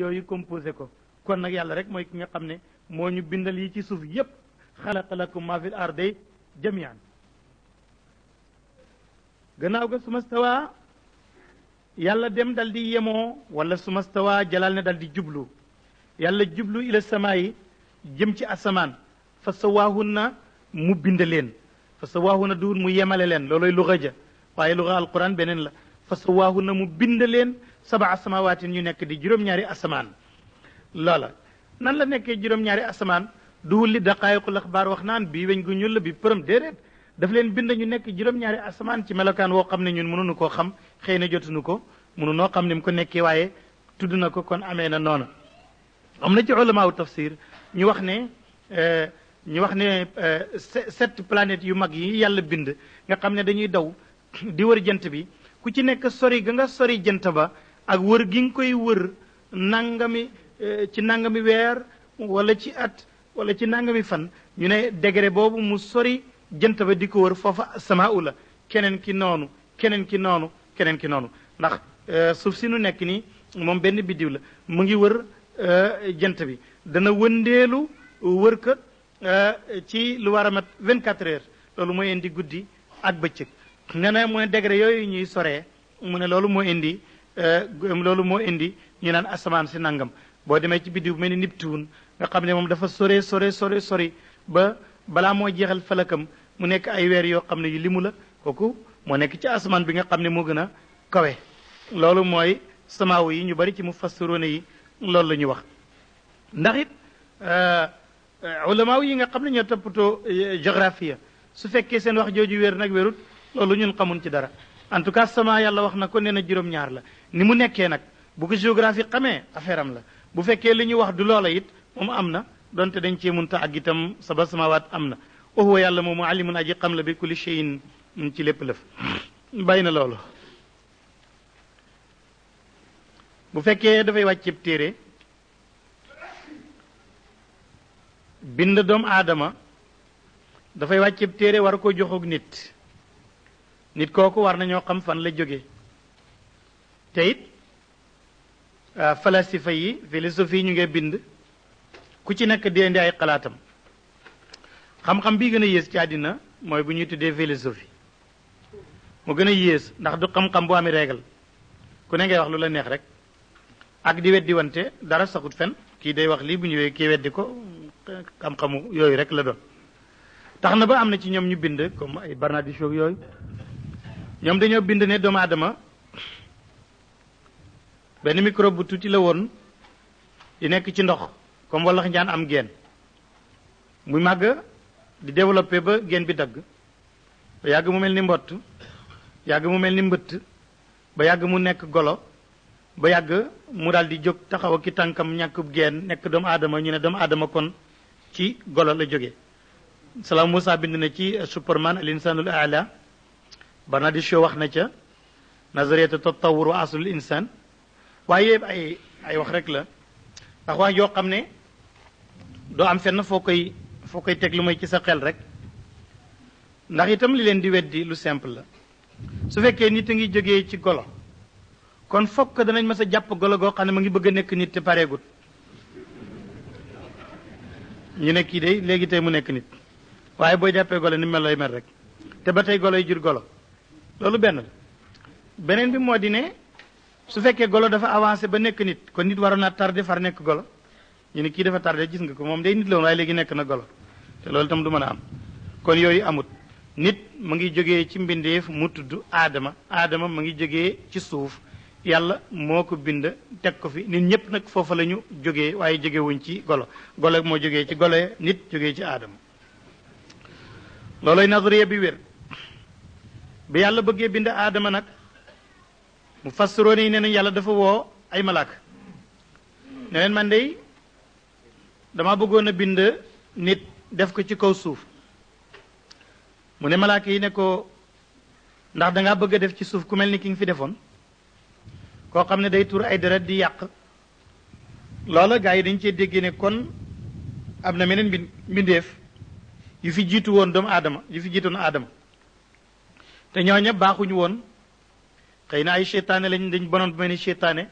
yooyu composé ko kon nag yàlla rek mooy ki nga xam ne moo ñu bindal yi ci suuf yépp xalaqa lakum ma fil ardi jamian gannaaw ga sumastawa yàlla dem dal di yemoo wala sumastawaa jalal na dal di jublu yàlla jublu ila samaa yi jëm ci asamaan fa sawaahunna mu bind leen fa sawaahunna duun mu yemale leen looloy luxa ja waaye luxa alquran beneen la fa sawaahunna mu bind leen saba waatin ñu nekk di juróom-ñaari asamaan loola nan la nekkee juróom-ñaari asamaan duhul li daqaayiqul axbaar wax naan bii weñ gu ñuul la bi përëm déedéet daf leen bind ñu nekk juróom-ñaari asamaan ci melokaan woo xam ne ñun mënuñu koo xam xëy na jotuñu ko mënu noo xam ni mu ko nekkee waaye tudd na ko kon amee na noonu am na ci ulamaawu tafsir ñu wax ne eh, ñu wax ne eh, sept planètes yu mag yi yàlla bind nga xam ne dañuy daw di wër jant bi ku ci nekk sori ga nga sori jant ba ak wër gi nga koy wër nangami eh, ci nangami weer wala ci at wala ci nangami fan ñu ne degré boobu mu sori jant ba di ko wër foofa samau la keneen ki noonu keneen ki noonu keneen ki noonu ndax eh, suuf si nu nekk nii moom benn biddiw la mu ngi wër eh, jant bi dana wëndeelu wër ko ci lu war a mat 24 heures loolu mooy indi guddi ak bëccëg nee na mu ne degré yooyu ñuy soree mu ne loolu moo indi Eh, loolu moo indi ñu naan asamaan si nangam bo demee ci biddiw bu mel ni Neptune nga ne dafa sore sore sore sori ba balaa moo jeexal falakam mu nek ay weer yo xam ne yu limu la koku mo nek ci asman bi nga xam mo gëna kawé lolu kawe samaaw yi ñu bari ci mufassirone yi lolu lañu wax ndax it eh, ulama yi nga xam ne ñoo toppatoo eh, géographie su fekkee seen wax joju wér nak wérut lolu ñun xamun ci dara en tout cas sama yàlla wax na ko nee na juróom-ñaar la ni mu nekkee nag bu ko géographie xamee affaire am la bu fekkee li ñu wax du loola it moom am na donte dañ cee munta ak itam saba sama waat am na waxuwa yàlla moom alimun aji xam la bi kulli cheyin ci lépp lëf bàyyi na loolu bu fekkee dafay wàcc cib téere bind doomu aadama dafay wàcc ceeb téere war a ko joxoog nit nit kooku war nañoo xam fan la jóge te it falasifa euh, yi philosophie ñu ngi bind ku ci nekk di ay xalaatam xam-xam bi gën a yées ci àddina mooy bu ñuy tuddee philosophie mu gën a yées ndax du xam-xam bu amee régal ku ne ngay wax lu la neex rek ak di weddi wante dara saxut fen kii day wax lii bu ñëwee kii weddi ko xam-xamu yooyu rek la doon tax na ba am na ci ñoom ñu bind comme ay Barnard di yooyu ñoom dañoo bind ne doomu aadama benn microbe bu tuuti la woon di nekk ci ndox comme walax njaan am geen mu màgg di développé ba geen bi dagg ba yàgg mu mel ni mbott yàgg mu mel ni mbëtt ba yàgg mu nekk golo ba yàgg mu daal di jóg taxaw ki tànkam ñàkkub geen nekk doomu aadama ñu ne doomu aadama kon ci golo la jóge salaam Moussa bind na ci superman al insanul ala Bernardishaw wax na ca nazariyatu tatawur wa aslul insan waaye ay ay wax rek la ndax wax yoo xam ne doo am fenn foo koy foo koy teg lu may ci sa xel rek ndax itam li leen di weddi lu simple la su fekkee nit a ngi jógee ci golo kon fokk danañ mës a jàpp golo goo xam ne mu ngi bëgg a nekk nit te pareegut ñu nekkii kii de léegi tey mu nekk nit waaye booy jàppee golo ni mel lay mel rek te ba tey golo yi jur golo loolu benn beneen bi moo di ne su fekkee golo dafa avancé ba nekk nit kon nit waroon naa tardé far nekk golo ñu ne kii dafa tardé gis nga ko moom day nit la woon waaye léegi nekk na golo te loolu tam du mën a am kon yooyu amut nit mu ngi jógee ci mbindeef mu tudd aadama aadama mu ngi jógee ci suuf yàlla moo ko bind teg ko fi nit ñëpp nag foofa la ñu jógee waaye jógewuñ ci golo golo moo jógee ci golo nit jógee ci aadama looloy nazariya bi wér bi yàlla bëggee bind aadama nag mu fassiroon yi nee nañ yàlla dafa woo ay malaaka ne leen man dey dama bëggoon a bind nit def ko ci kaw suuf mu ne malaaka yi ne ko ndax dangaa bëgg a def ci suuf ku mel ni ki nga fi defoon koo xam ne day tur ay deret di yàq loola gaa yi dañ cee dégg ne kon am na meneen mbindeef yu fi jiitu woon doomu aadama yu fi jiitoon aadama te ñooña baaxuñu woon xëy na ay seytaane lañ dañ bonoon ba mel ni seytaane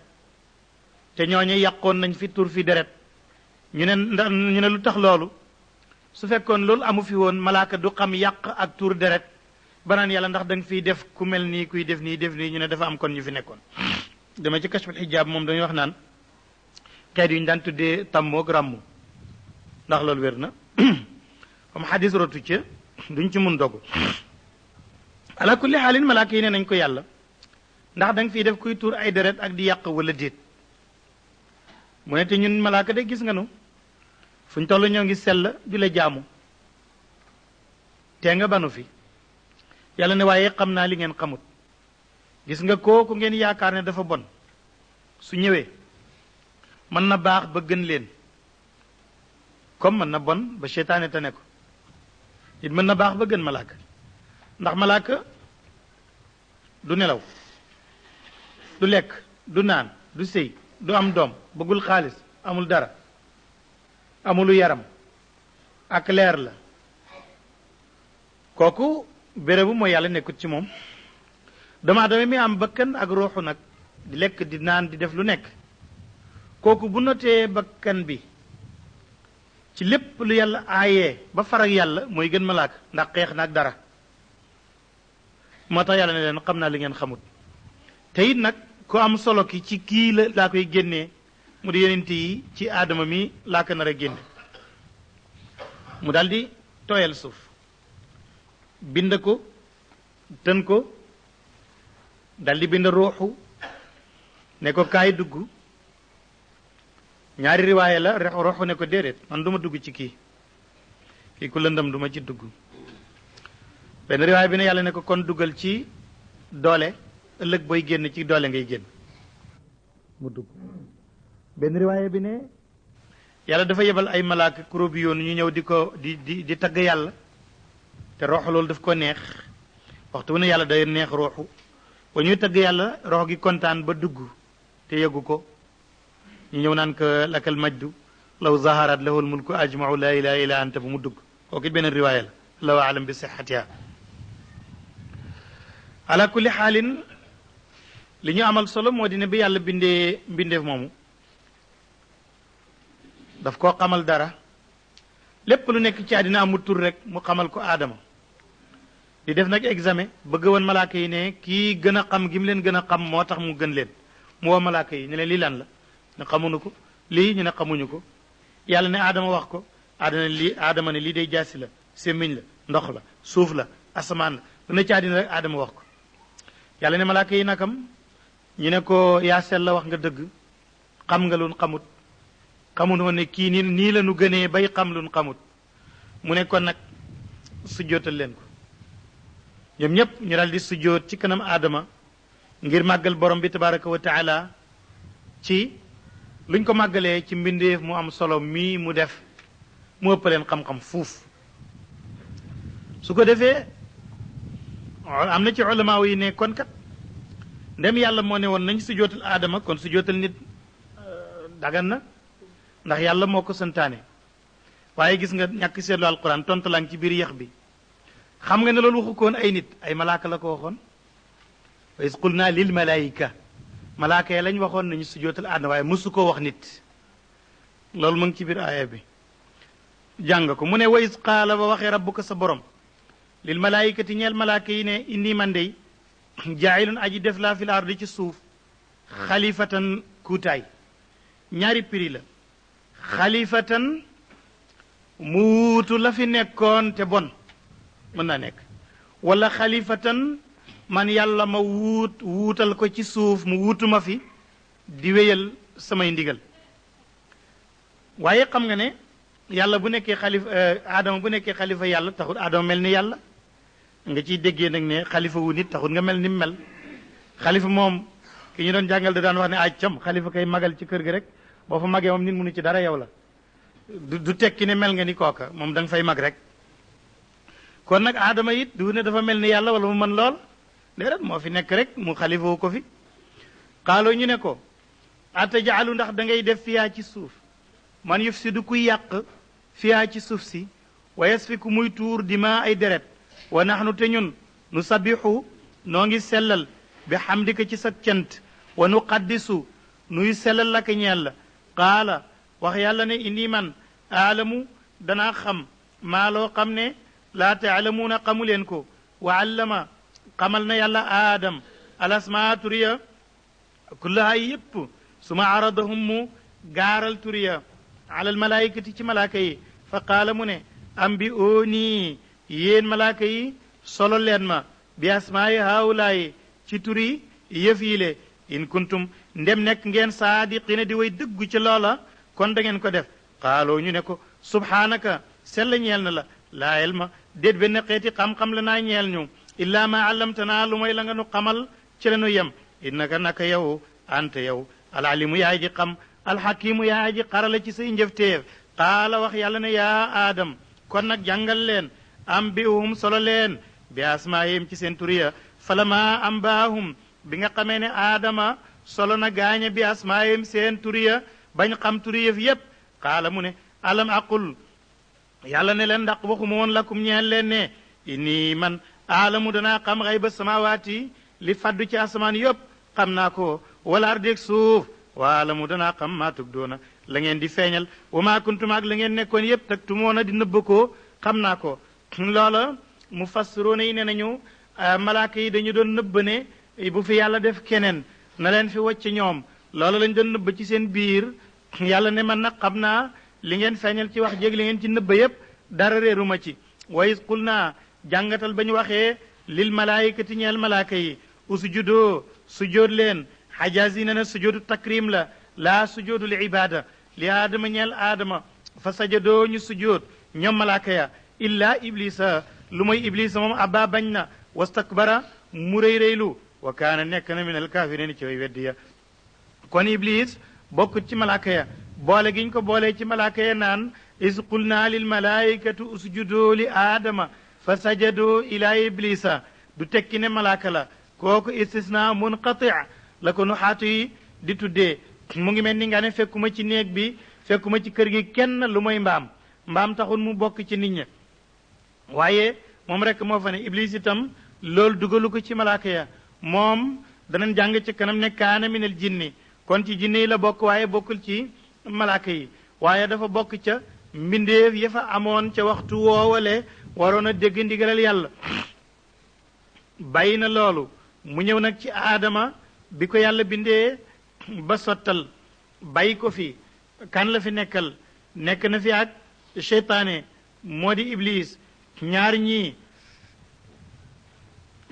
te ñooña yàqoon nañ fi tur fi deret ñu ne ndax ñu ne lu tax loolu su fekkoon loolu amu fi woon malaaka du xam yàq ak tur deret banaan yàlla ndax da nga def ku mel nii kuy def nii def nii ñu ne dafa am kon ñu fi nekkoon dama ci kashful xijaab moom dañuy wax naan xeet yu ñu daan tuddee tàmmoog ràmmu ndax loolu wér na comme xadis rotu ci duñ ci mun dogg ala kulli xaalin malaaka yi ne nañ ko yàlla ndax danga nga fiy def kuy tuur ay deret ak di yàq wala déet mu ne te ñun malaaka de gis nga nu fuñ toll ñoo ngi sell di la jaamu tee nga banu fi yàlla ne waaye xam naa li ngeen xamut gis nga kooku ngeen yaakaar ne dafa bon su ñëwee mën na baax ba gën leen comme mën na bon ba seytaane ne ko it mën na baax ba gën malaaka ndax malaaka du nelaw du lekk du naan du sëy du am doom bëggul xaalis amul dara amulu yaram ak leer la kooku bérébu mooy yàlla nekkut ci moom dama aadama mi am bakkan ak ruuxu nag di lekk di naan di def lu nekk kooku bu notee bakkan bi ci lépp lu yàlla aayee ba far yàlla mooy gën malaaka ndax xeex na ak dara moo tax yàlla ne leen xam naa li ngeen xamut te nag ku am solo ki ci kii la laa koy génnee mu di yonent yi ci aadama mi laa ko nar a génne mu daldi di tooyal suuf bind ko tën ko dal di bind ruuxu ne ko kaay dugg ñaari riwaaye la ruuxu ne ko déedéet man du dugg ci kii kii ku lëndam duma ci dugg benn riwaay bi ne yàlla ne ko kon dugal ci doole ëllëg booy génn ci doole ngay génn mu dugg benn riwaay bi ne yàlla dafa yebal ay malaaka kuróobi yoon ñu ñëw di ko di di di tagg yàlla te roox loolu daf ko neex waxtu bu ne yàlla day neex rooxu ba ñuy tagg yàlla rox gi kontaan ba dugg te yëgu ko ñu ñëw naan ko lakal majdu law zaharat lahul mulku ajmau la ilaha illa anta ba mu dugg kooku it beneen riwaaya la allahu alam bi sihatiha ala kulli xaalin li ñu amal solo moo di bi yàlla bindee mbindeef moomu daf koo xamal dara lépp lu nekk ci àddina amul tur rek mu xamal ko aadama di def nag examen bëgg woon malaaka yi ne kii gën a xam gi mu leen gën a xam moo tax mu gën leen mu woo malaaka yi ne leen lii lan la ne xamuñu ko lii ñu ne xamuñu ko yàlla ne aadama wax ko aadama lii aadama ne lii day jaasi la sémmiñ la ndox la suuf la asamaan la lu ne ci àddina rek aadama wax ko yàlla ne malaaka yi nakam ñu ne ko yaa la wax nga dëgg xam nga lun xamut xamunoo ne kii nii nii la nu gënee bay xam lun xamut mu ne ko nag sujjootal leen ko ñoom ñëpp ñu daal di sujjoot ci kanam aadama ngir màggal borom bi tabaraka wa taala ci luñ ko màggalee ci mbindeef mu am solo mii mu def mu ëpp leen xam-xam fuuf su ko defee am na ci ulama yi ne kon kat ndem yàlla moo ne woon nañ su jootal aadama kon su jootal nit euh, dagan na ndax yàlla moo ko santaane waaye gis nga ñàkk seetlu alquran tontalaan ci biir yax bi xam nga ne loolu waxu ay nit ay malaaka la ko waxoon wa is qul naa lil malaayika malaaka yi lañ waxoon nañu su jootal aadama waaye mësu koo wax nit loolu mu ngi ci biir aaya bi jàng ko mu ne wa is qaala ba waxee ko sa borom lil malaayikati ñeel malaaka yi ne indi ma dey jaayilun aji def laa fil ardi ci suuf xalifatan kuutaay ñaari prix la xalifatan mu wuutu la fi nekkoon te bon mën na nekk wala xalifatan man yàlla ma wuutal ko ci suuf mu wuutu ma fi di wéyal samay ndigal waaye xam nga ne yàlla bu nekkee xalif eh, aadama bu nekkee xalifa yàlla taxul aadama mel ni yàlla nga ciy déggee nag ne xalifa wu nit taxul nga mel ni mu mel xalifa moom ki ñu doon jàngal da daan wax ne aaj cam xalifa kay magal ci kër gi rek boo fa magee moom nit mënu ci dara yow la du du tekki ne mel nga ni kooka moom danga nga fay mag rek kon nag aadama it du ne dafa mel ni yàlla wala mu mën lool déedéet moo fi nekk rek mu xalifa ko fi xaaloo ñu ne ko atajaalu ndax da ngay def fiyaa ci suuf man yuf si du kuy yàq fiyaa ci suuf si wa yasfiku muy tuur dima ay deret wa nahnu te ñun nu sabixu noo ngi sellal bi xamdika ci sa cant wa nu qaddisu nuy sellal laka ñeel la qaala wax yàlla ne inni man aalamu dana xam maa loo xam ne laa taalamuuna xamu leen ko wa allama xamal na yàlla aadam alasmaa turiya kullaha yépp suma aradahum mu gaaral turiya alal malaayikati ci malaaka yi fa qaala mu ne am yi solo leen ma bi asmaayi haawulaayi ci turi yëf yile in kuntum ndem nekk ngeen saadiqina di way dëggu ci loola kon da ngeen ko def xaaloo ñu ne ko subhaanaka sell ñeel na la laa ilma déet benn xeeti xam-xam la naa ñeel ñu illaa ma 'allamtana lu may la nga nu xamal ci la nu yem innaka naka yow anta yow alalimu ya ji xam alxakimu ya ji xarala ci say njëfteef qaala wax yàlla ne yaa aadam kon nag jàngal leen ambiuhum solo leen bi asmaayim ci seen tur ya falama ambaahum bi nga xamee ne aadama solo na gaañe bi asmaayim seen tur bañ xam yépp xaala mu ne alam aqul yàlla ne leen ndax waxuma woon lakum ñeel leen ne inni man aalamu danaa xam xay ba samawaati li faddu ci asamaan yépp xam naa ko wala ardeeg suuf waalamu danaa xam maa tubdoona la ngeen di feeñal wa maa kuntum ak la ngeen nekkoon yépp tag tumoona di nëbb xam naa ko loola mu fassiroona yi ne nañu euh, malaaka yi dañu doon nëbba ne bu fi yàlla def keneen na leen fi wacc ñoom loola lañ doon nëbba ci seen biir yàlla ne man nag xam naa li ngeen feeñal ci wax jeg li ngeen ci nëbb yépp dara réeruma ci way qul naa jàngatal ba ñu waxee lil malaayikati ñeel malaaka yi usjudoo sujjóot leen xajaas yi ne na sujjóotu takrim la laa sujjóotu li ibaada li aadama aadama fa sajadoo ñu sujjóot ñoom malaaka ya illaa iblisa lu mooy iblisa moom abba bañ na wastakbara mu rëy rëylu wa kaana nekk na min alkaafiriin ci way kon iblis bokkut ci malaaka ya boole giñ ko boolee ci malaaka ya naan is qulna lil malaikatu usjudu li aadama fa sajadoo ila iblisa du tekki ne malaaka la kooku istisna munqati la ko nu xaatu di tuddee mu ngi mel ni nga ne fekkuma ci néeg bi fekkuma ci kër gi kenn lu mooy mbaam mbaam taxul mu bokk ci nit ña waaye moom rek moo fa ne iblis itam loolu dugalu ko ci malaaka ya moom danañ jàng ca kanam ne kaana minal jinni kon ci jinne yi la bokk waaye bokkul ci malaaka yi waaye dafa bokk ca mbindee ya fa amoon ca waxtu woowale waroon a dégg ndigalal yàlla bàyyi na loolu mu ñëw nag ci aadama bi ko yàlla bindee ba sottal bàyyi ko fi kan la fi nekkal nekk na fi ak seytaane moo di iblis ñaar ñii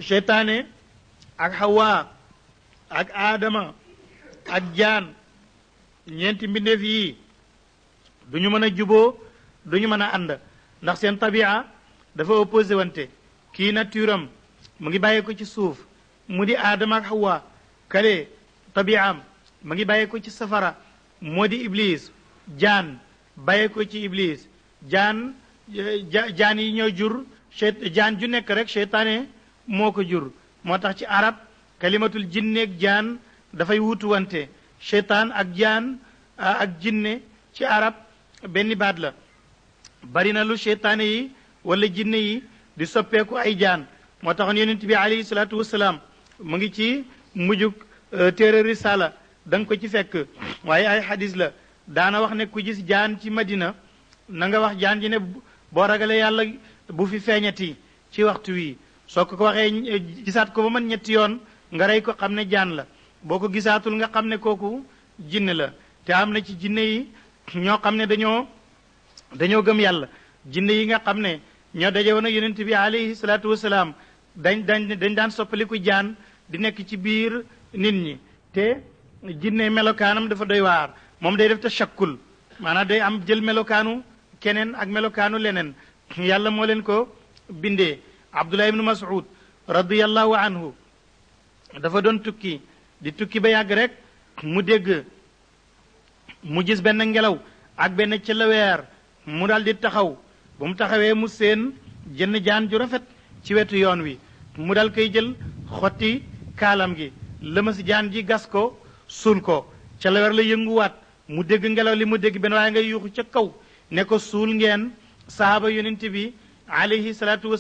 seytaane ak Hawa ak Adama ak jaan ñeenti mbindeef yii du ñu mën a juboo du ñu mën a ànd ndax seen tabia dafa opposé wante kii nature mu ngi bàyyee ci suuf mu di Adama ak Hawa kale tabiaam mu ngi bàyyee ci safara moo di iblis jaan bàyyeekoo ci iblis jaan jaan yi ñoo jur jaan ju nekk rek seytaane moo ko jur moo tax ci arab kalimatul jinneeg jaan dafay wante seytaan ak jaan ak jinne ci arab benn baat la bari na lu seytaane yi wala jinne yi di soppeeku ay jaan moo taxoon yonent bi alayhi salaatu wasalaam mu ngi ci mujjug e, téere risala ko ci fekk waaye ay xadis la daana wax ne ku gis jaan ci madina nanga wax jaan ji ne boo ragalee yàlla bu fi feeñati ci waxtu wi soo ko ko waxee gisaat ko ba man ñetti yoon nga rey ko xam ne jaan la boo ko gisaatul nga xam ne kooku jinne la te am na ci jinne yi ñoo xam ne dañoo dañoo gëm yàlla jinne yi nga xam ne ñoo daje woon ak bi alayhi salaatu wasalaam dañ dañ dañ daan soppaliku jaan di nekk ci biir nit ñi te jinne melokaanam dafa doy waar moom day def te shakkul maanaam day am jël melokaanu keneen ak melokaanu leneen yàlla moo leen ko bindee abdullah ibnu mas'ud radiallahu anhu dafa doon tukki di tukki ba yàgg rek mu dégg mu gis benn ngelaw ak benn ci laweer mu daal di taxaw ba mu taxawee mu seen jënn jaan ju rafet ci wetu yoon wi mu dal koy jël xotti kaalam gi lëmas jaan ji gas ko suul ko ca laweer la yënguwaat mu dégg ngelaw li mu dégg benn waaye ngay yuuxu ca kaw ne ko suul ngeen saaba yonent bi alayhi salaatu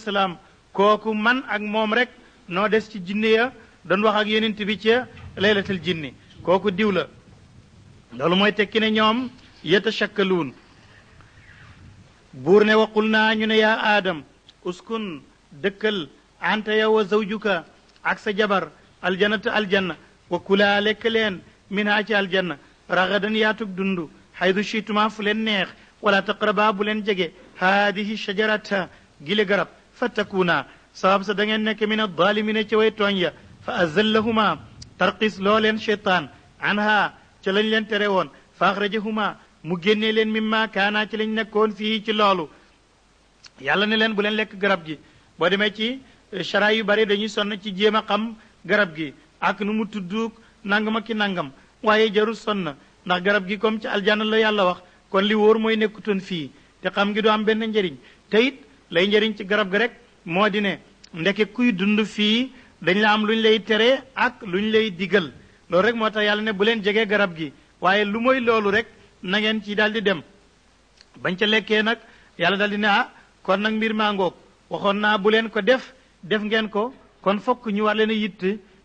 kooku man ak moom rek noo des ci jinne ya doon wax ak yonent bi ca laylatal jinni kooku diw la loolu mooy tekki ne ñoom yatashakkaluun buur ne waqul naa ñu ne yaa aadam uskun dëkkal anta yow wa zawjuka ak sa jabar aljanata aljanna wa kulaa lekk leen minhaa ci aljanna ragadan yaatug dund xaydu shiituma fu leen neex ولا تقربا بولن جگه هذه الشجرة گل گرب فتكونا سبب سدنگنك من الظالمين چوي توانيا فأزلهما ترقص لولن شيطان عنها چلن لن ترون فأخرجهما مجنة لن مما كانا چلن نكون فيه چلالو yàlla ne leen bu leen lekk garab gi boo demee ci chara yu bari dañuy sonn ci jéem a xam garab gi ak nu mu tudd nangam ak ki nangam waaye jarul sonn ndax garab gi comme ci aljana la yàlla wax kon li woor mooy nekkutoon fii te xam ngi du am benn njariñ te lay njariñ ci garab gi rek moo di ne ndeke kuy dund fii dañ la am lu ñu lay tere ak lu ñu lay digal loolu rek moo tax yàlla ne bu leen jegee garab gi waaye lu mooy loolu rek nangeen ci daal di dem bañ ca lekkee nag yàlla daal di ne ah kon nag mbir maa ngoog waxoon naa bu leen ko def def ngeen ko kon fokk ñu war leen yitt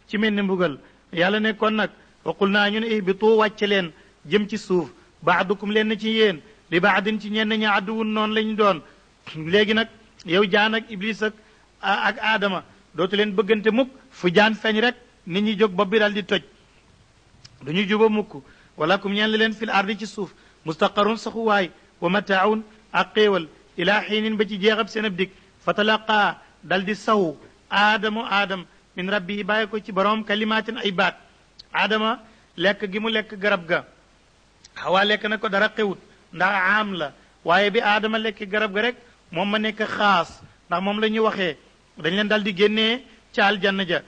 ci mel ni mbugal yàlla ne kon nag waxul naa ñu ne ihbitu wàcce leen jëm ci suuf baadukum lenn ci yéen li baadin ci ñenn ñi àdduwun noonu lañ doon léegi nag yow jaan ak iblis ak ak aadama dootu leen bëggante mukk fu jaan feeñ rek nit ñi jóg bopp bi daal di toj du ñu juba mukk wala kum ñeen leen fil ardi ci suuf mustaqarun saxuwaay wa mataaun ak xéewal ilaa xiinin ba ci jeexab seen ab dig fa talaqaa dal di saw aadamu aadam min rabbi bàyyi ko ci borom kalimaatin ay baat aadama lekk gi mu lekk garab ga xawaa lekk na ko dara xewut ndax am la waaye bi aadama lekk garab ga rek moom ma nekk xaas ndax moom la ñuy waxee dañ leen dal di génnee ca aljanna ja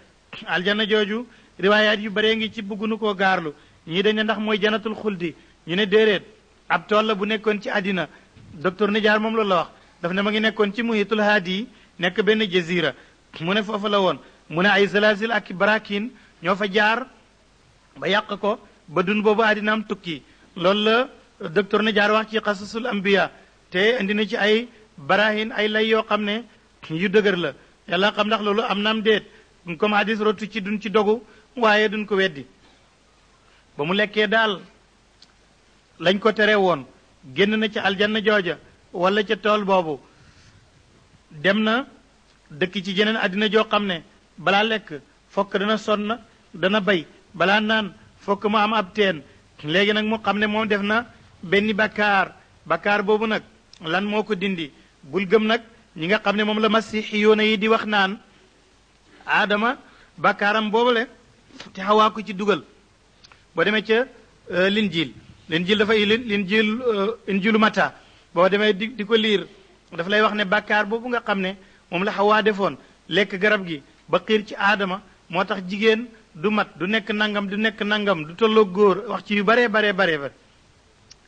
aljana jooju riwaayaat yu bëree ngi ci bëggunu koo gaarlu ñii dañ ne ndax mooy janatul xuldi ñu ne déeréet ab tool la bu nekkoon ci àddina docteur jaar moom loolu la wax daf ne ma ngi nekkoon ci muhitul haadi nekk benn jazira mu ne foofu la woon mu ne ay salasil ak barakin ñoo fa jaar ba yàq ko ba dun boobu àddina am loolu la na jaar wax ci xasasul ambiya te indi na ci ay barahin ay lay yoo xam ne yu dëgër la yàlla xam ndax loolu am naam déet comme hadis rotu ci duñ ci dogu waaye duñ ko weddi ba mu lekkee daal lañ ko tere woon génn na ci ca aljanna jooja wala ca tool boobu dem na dëkk ci jeneen àddina joo xam ne balaa lekk fokk dana sonn dana bay balaa naan fokk mu am ab teen léegi nag mu xam ne moom def na benn bakkaar bakkaar boobu nag lan moo ko dindi bul gëm nag ñi nga xam ne moom la masixiyoona yii di wax naan aadama bakkaaram boobule te xawaa ko ci dugal boo demee ca euh, linjiil linjiil dafa linjiil euh, injiilu mata boo demee di di ko liir daf lay wax ne bakkaar boobu nga xam ne moom la xawaa defoon lekk garab gi ba xiir ci aadama moo tax jigéen du mat du nekk nangam du nekk nangam du tolloo góor wax ci yu baree baree baree bare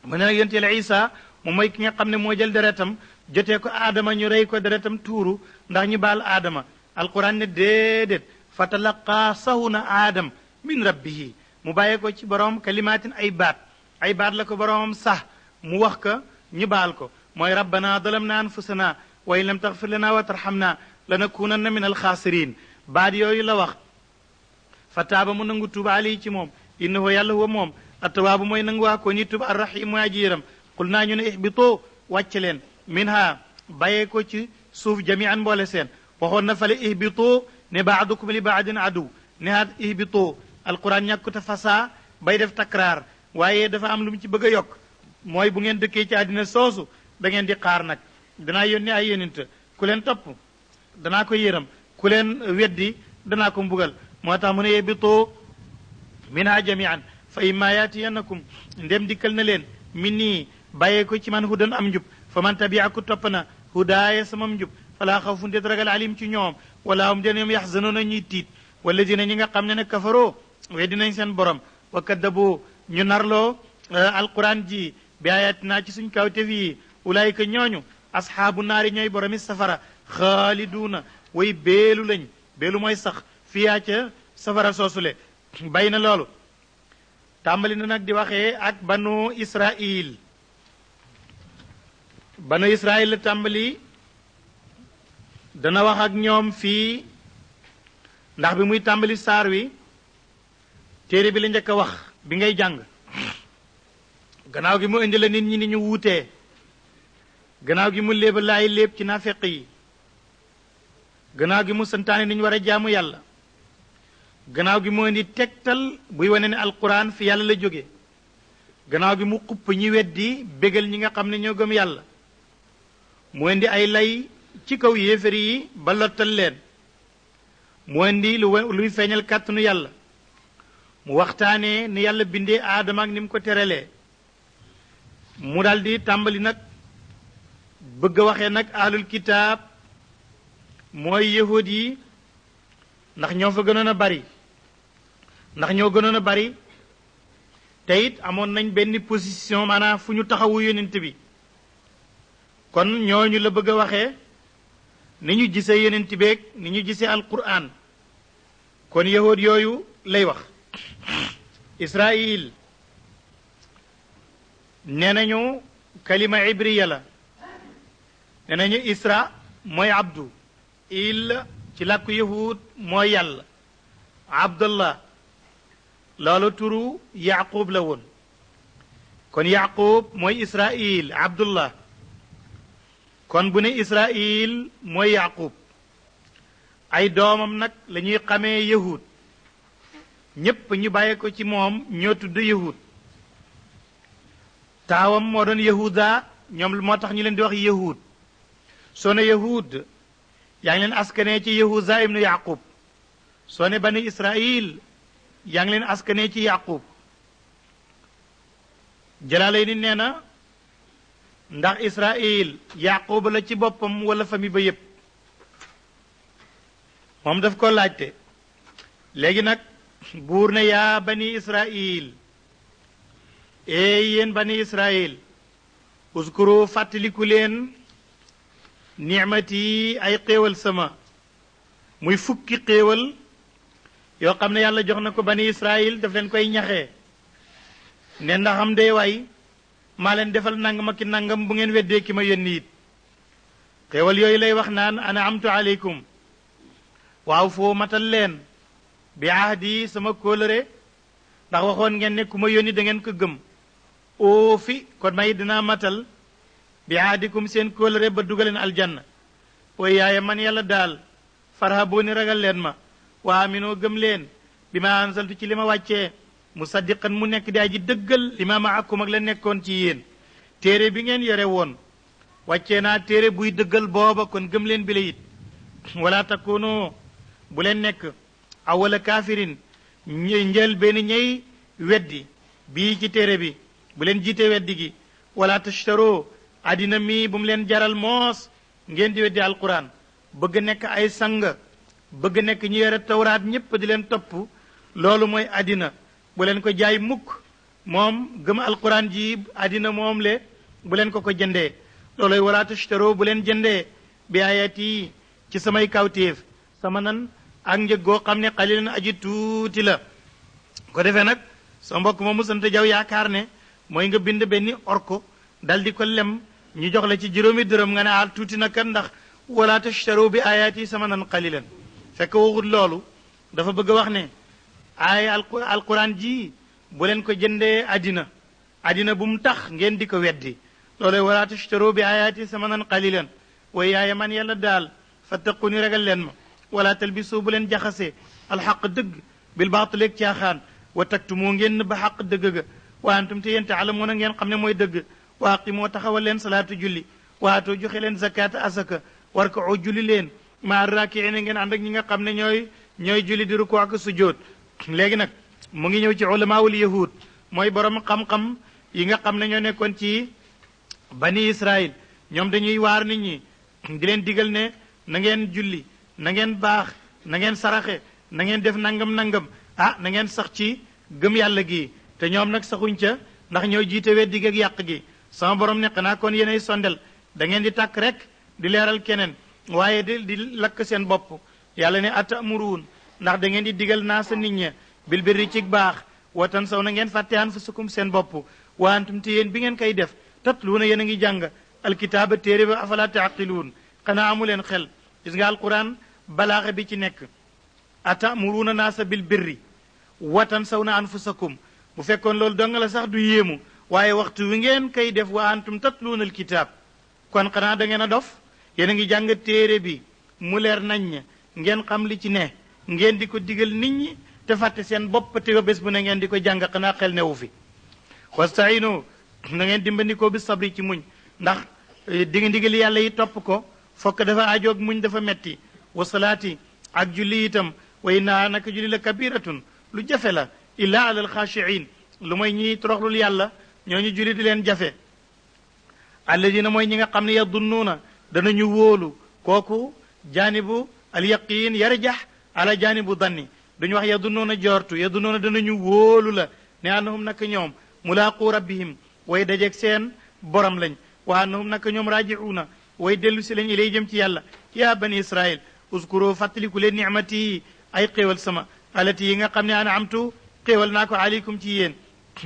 mu ne nag yonent yàlla Isa moom mooy ki nga xam ne moo jël deretam jotee ko aadama ñu rey ko deretam tuuru ndax ñu baal aadama alquran ne déedéet fa talaqaa na aadam min rabbihi mu bàyyee ko ci boroom kalimaatin ay baat ay baat la ko boroomam sax mu wax ko ñu baal ko mooy rabbana dalamna anfusana wa in lam taxfir lana wa tarxamna lanakunanna min alxaasirin baat yooyu la wax fa taaba mu nangu tuuba ali ci moom innahu yàlla wa moom attawaabu mooy nangu waa ko ñi tuub arrahim mooy aji yëram qul naa ñu ne ihbitoo wàcc leen min ha bàyyee ko ci suuf jamian mboole seen waxoon na fale ihbitoo ne ba li baadin adu ne ha ihbitoo alquran ñàkkute fasaa bay def takraar waaye dafa am lu mu ci bëgg a yokk mooy bu ngeen dëkkee ci àddina soosu da ngeen di xaar nag danaa yónni ay yónint ku leen topp danaa ko yëram ku leen weddi danaa ko mbugal moo tax mu ne yebitoo minha jamian fa imma yaatiyannakum ndem dikkal na leen min nii bàyyee ko ci man hudan am njub fa man tabia ku topp na hudaaya samam njub fala xawfun det ragal alim ci ñoom wala hum den ñoom yaxzanuna ñuy tiit wala dina ñi nga xam ne ne kafaroo weddi nañ seen borom wa kaddaboo ñu narloo alquran ji bi ayatina ci suñ kawteef yi ulaayika ñooñu asxaabu naari ñooy boromi safara xaaliduuna way beelu lañ beelu mooy sax fiyaa ca safara soosule bay na loolu tàmbali na nag di waxee ak banu israil banu israil la tàmbali dana wax ak ñoom fii ndax bi muy tàmbali saar wi téere bi la njëkk a wax bi ngay jàng gannaaw gi mu indi la nit ñi ni ñu wuutee gannaaw gi mu léeba laay ci naafeq yi gannaaw gi mu santaane ni ñu war a jàmm yàlla gannaaw gi moo indi tegtal buy wone ne alquran fi yàlla la jóge gannaaw gi mu xupp ñi weddi bégal ñi nga xam ne ñoo gëm yàlla mu indi ay lay ci kaw yéefar yi ba lottal leen mu indi lu luy feeñal kàttanu yàlla mu waxtaanee ni yàlla bindee aadama ak ni mu ko teralee mu daldi tàmbali nag bëgg a waxee nag ahlul kitaab mooy yahud yi ndax ñoo fa gënoon a bari ndax ñoo gënoon a bari te it amoon nañ benn position maanaam fu ñu taxawu yonent bi kon ñooñu la bëgg a waxee ni ñu gisee yonent beeg ni ñu gisee alquran kon yahood yooyu lay wax israil nee nañu kalima ibriya la nee nañu isra mooy abdu il ci làkku yahud mooy yàlla abdullah loolu turu yaqub la woon kon yaqub mooy israil abdullah kon bu ne israil mooy yaqub ay doomam nag lañuy xamee yahud ñépp ñu bàyyi ko ci moom ñoo tudd yahud taawam moo doon yahuda ñoom moo tax ñu leen di wax yahud soo ne yahud yaa ngi leen askanee ci yahuda ibnu yaqub soo ne bani israil yaa ngi leen askane ci yàqub jalaale ni nee na ndax israil yàquba la ci boppam walla fami ba yépp moom daf ko laajte léegi nag buur na yaa bani israil eey yéen bani israil uskuru fàttaliku leen nicmat yi ay xéewal sama muy fukki xéewal yoo xam ne yàlla jox na ko bani Israël def leen koy ñaxee ne ndaxam dee waay maa leen defal nangam ak nangam bu ngeen weddee ki ma yónni it xéewal yooyu lay wax naan ana amtu aleykum waaw foo matal leen bi ahdi sama kóolëre ndax waxoon ngeen ne ku ma yónni da ngeen ko gëm oo fi kon may dinaa matal bi ahdikum seen kóolëre ba dugaleen aljanna way yaaye man yàlla daal farhabooni ragal leen ma wa aminoo gëm leen bi ma ansaltu ci li ma wàccee musaddiqan mu nekk di aji dëggal li ma maakum ak la nekkoon ci yéen téere bi ngeen yore woon wàcce naa téere buy dëggal booba kon gëm leen bi la it wala bu leen nekk awala kaafirin njël benn ñey weddi bii ci téere bi bu leen jiite weddi gi wala tashtaro addina mii bu mu leen jaral moos ngeen di weddi alquran bëgg nekk ay sang bëgg nekk ñu yore tawraat ñëpp di leen topp loolu mooy àddina bu leen ko jaay mukk moom gëm alquran ji àddina moom le bu leen ko ko jëndee looloy walaa bu leen jëndee bi ayat ci samay kawtéef sama nan ak njëg goo xam ne xalilan aji tuuti la ko defee nag sa mbokk moom moomu sant jaw yaakaar ne mooy nga bind benni orko dal di ko lem ñu jox la ci juróomi dërëm nga ne aal tuuti na kan ndax walaa tashtaro bi ayat yi sama nan xalilan fekk waxut loolu dafa bëgg a wax ne aaya alquran ji bu leen ko jëndee àddina àddina bu mu tax ngeen di ko weddi loolay walaa tashtaru bi ayaati samanan qalilan way yaaya man yàlla daal fattaqu ni ragal leen ma wala talbisu bu leen jaxase alxaq dëgg bil baatileeg caaxaan wa taktumu ngeen ba xaq dëgg ga wa antum te yéen taalamuuna ngeen xam ne mooy dëgg waa qimoo taxawal leen salaatu julli waatoo joxe leen zakaata asaka war ko julli leen maa raakiina ngeen ànd ak ñi nga xam ñoy ñooy julli di ruku ak sujud legi nak mu ngi ñew ci wal yahud moy borom xam-xam yi nga xamne ñoo ci bani israël ñom dañuy war nit ñi di len digal ne na ngeen julli na ngeen bax na ngeen saraxé na ngeen def nangam nangam ah na ngeen sax ci gëm yalla gi te ñom nak saxuñ ca ndax ñoo jiite weddi ak yaq gi sama borom nekk na kon yéenay sondel da ngeen di tak rek di leral keneen waaye di di lakk seen bopp yàlla ne atamuruun ndax da ngeen di digal naa sa nit ña bil birri ci baax watan saw na ngeen fàtte anfusakum seen bopp wa antum te yéen bi ngeen koy def tatluuna yéen a ngi jàng alkitaaba téere ba afala taaqiluun xanaa amu xel gis nga alquran bi ci nekk naa sa bil watan saw na anfusakum bu fekkoon loolu dong la sax du yéemu waaye waxtu wi ngeen koy def wa antum tatluuna alkitaab kon xanaa da ngeen dof yéen a ngi jàng téere bi mu leer nañ ngeen xam li ci ne ngeen di ko digal nit ñi te fàtte seen bopp te bés bu ne ngeen di ko jàng xanaa xel newu fi wastaino na ngeen dimbandikoo bi sabri ci muñ ndax eh, digi ndigal yàlla yi topp ko fokk dafa ajoog muñ dafa metti wa salaati ak julli itam way naa naka julli la kabiratun lu jafe la illaa alal xaashiin lu mooy ñiy toroxlul yàlla ñooñu julli di leen jafe alladina mooy ñi nga xam ne yadunnuuna danañu woolu kooku jaanibu alyaqiin yarjax ala jaanibu danni duñu wax yadunnoona jortu yadunnoona danañu woolu la ne annahum naka ñoom mulaaqu rabbihim way dajeeg seen borom lañ wa annahum naka ñoom raajiuuna way dellu si lañ ilay jëm ci yàlla yaa bani israil uskuro fàttaliku leen nicmati ay xéewal sama alati yi nga xam ne ana amtu xéewal naa ko aleykum ci yéen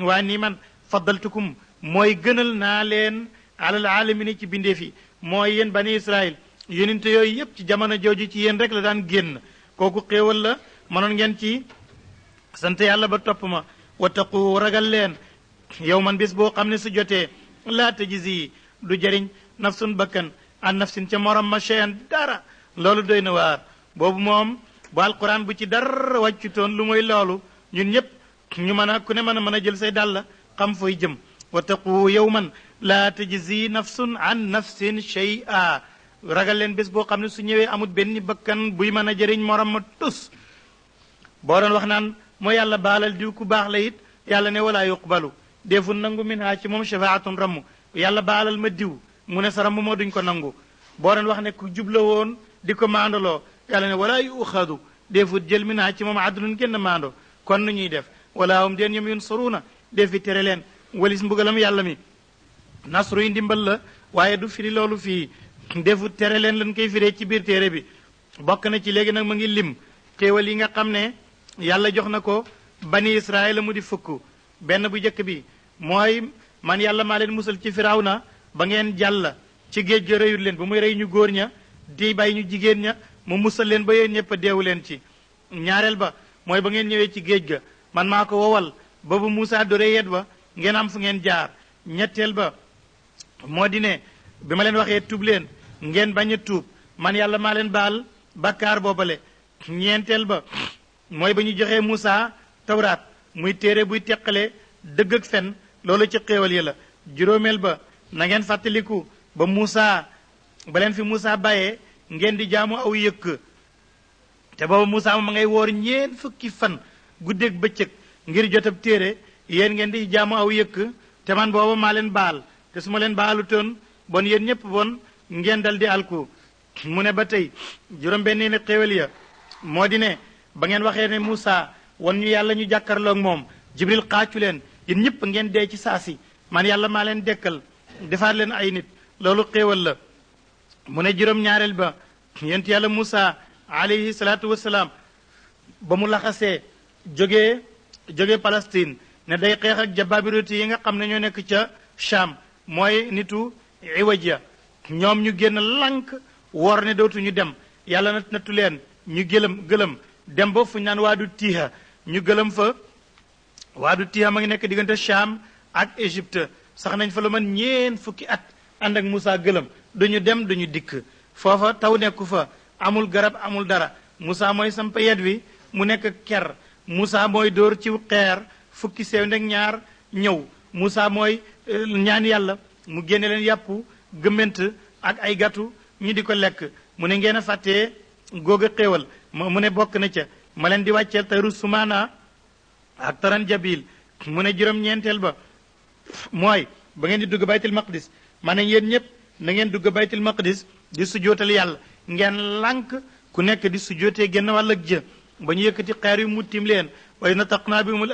waa nii man faddaltukum mooy gënal naa leen alal aalamiina ci bindee fii mooy yéen bani Israël yonent yooyu yëpp ci jamono jooju ci yéen rek la daan génn kooku xéewal la mënoon ngeen ci sant yàlla ba topp ma wattaqu ragal leen yow man bis boo xam ne su jotee laa tajzi du jëriñ nafsun bakkan an nafsin ca morom ma cheyan dara loolu doy na waar boobu moom bu alquran bu ci dara wàccutoon lu moy loolu ñun ñëpp ñu mën a ku ne mën a mën a jël say dàll xam fooy jëm wattaqu yow man la laa tajzi nafsun an nafsin a ragal leen bés boo xam ne su ñëwee amut benn bakkan buy mën a jëriñ morom ma tus boo doon wax naan moo yàlla baalal diw ku baax la it yàlla ne walaa yuqbalu deeful nangu min haa ci moom shafaatun ramm yàlla baalal ma diw mu ne sa ramm moo duñ ko nangu boo doon wax ne ku jubla woon di ko maandoloo yàlla ne walaa yuuxadu deeful jël min haa ci moom adlun génn maando kon nu ñuy def wala hum deen ñoom yunsuruuna defi tere leen walis mbugalam yàlla mi nasru yi ndimbal la waaye du firi loolu fii defu tere leen lan koy firee ci biir téere bi bokk na ci léegi nag mu ngi lim xéewal yi nga xam ne yàlla jox na ko bani israel mu di fukk benn bu njëkk bi mooy man yàlla maa leen musal ci firaw na ba ngeen jàll ci géej ga rëyul leen ba muy rey ñu góor ña di bàyyi ñu jigéen ña mu musal leen ba yéen ñëpp deewu leen ci ñaareel ba mooy ba ngeen ñëwee ci géej ga man maa ko wowal ba bu Muusaa dore yet wa ngeen am fu ngeen jaar ñetteel ba moo di ne bi ma leen waxee tuub leen ngeen bañ a tuub man yàlla maa leen baal bakkaar boobale ñeenteel ba mooy ba ñu joxee Moussa tawraat muy téere buy teqale dëgg ak fen loolu ci xéewal yi la juróomeel ba na ngeen fàttaliku ba Moussa ba leen fi Moussa bàyyee ngeen di jaamu aw yëkk te booba Moussa ma ngay woor ñeen fukki fan guddeeg bëccëg ngir jotab téere yéen ngeen di jaamu aw yëkk te man booba maa leen baal te suma len baalu bon yéen ñëpp bon ngeen dal di alku mu ne ba tay ne xewal ya moo di ne ba ngeen waxee ne Moussa won ñu yàlla ñu moom jibril xaacu leen yéen ñëpp ngeen dee ci saasi man yàlla maa leen dekkal defaat leen ay nit loolu xewal la mu ne juróom-ñaareel ba yent yàlla Moussa alayhi salaatu Wassalam, ba mu laxasee jógee jógee Palestine ne day xeex ak jabaabiruti yi nga xam ñoo nekk ca Cham mooy nitu iwaj ya ñoom ñu génn lank wor ne dootu ñu dem yàlla na nattu leen ñu gëlëm gëlëm dem ba fu naan waadu tiiha ñu gëlëm fa waadu tiiha ma ngi nekk diggante sham ak égypte sax nañ fa lu man ñeen fukki at ànd ak musa gëlëm duñu dem duñu dikk foofa taw nekku fa amul garab amul dara Musa mooy samp yet wi mu nekk ker Musa mooy dóor ci xeer fukki seew ndeg ñaar ñëw musa mooy ñaan yàlla mu génne leen yàpp gëmmant ak ay gàttu ñi di ko lekk mu ne ngeen a fàttee góog a xéewal mu ne bokk na ca ma leen di wàcceel taru sumaana ak taran jabil mu ne juróom-ñeenteel ba mooy ba ngeen di dugg baytul maqdis maanaam yéen ñëpp na ngeen dugg baytul maqdis di sujootal yàlla ngeen lànk ku nekk di sujootee genn wàll ak jë ba ñu yëkkati xeer yu mu tim leen way na taq naa bi eh, mu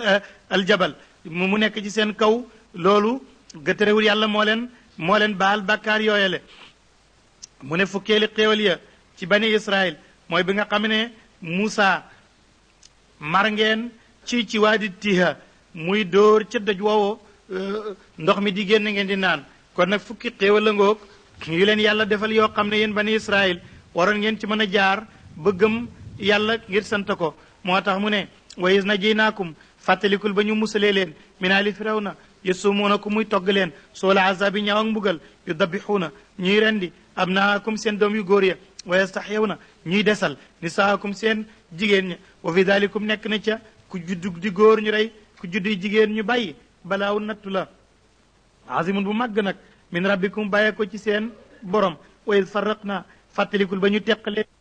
aljabal mu nekk ci seen kaw loolu gëtërewul yàlla moo leen moo leen baal bàkkaar yooyale mu ne fukkeeli xéewal ya ci bani Israël mooy bi nga xam ne Moussa mar ngeen ci ci waadi tiha muy dóor ca doj woowo euh, ndox mi di génn ngeen di naan kon nag fukki xéewal la ngoog yu leen yàlla defal yoo xam ne yéen bani Israël waroon ngeen ci mën a jaar ba gëm yàlla ngir sant ko moo tax mu ne wa is najinaakum fàttalikul ba ñu musalee leen minaali na yasumuuna ku muy togg leen soo la azabi ñaaw ak mbugal yu dabixuuna ñuy rendi abnaakum seen doom yu góor ya wa yastaxyawna ñuy desal saa nisaakum seen jigéen ña wa fi dalikum nekk na ca ku juddu góor ñu rey ku juddu jigéen ñu bàyyi balaawu nattu la azimun bu màgg nag min rabbikum bàyyee ko ci seen borom wa id farraqna fàttalikul ba ñu teqalee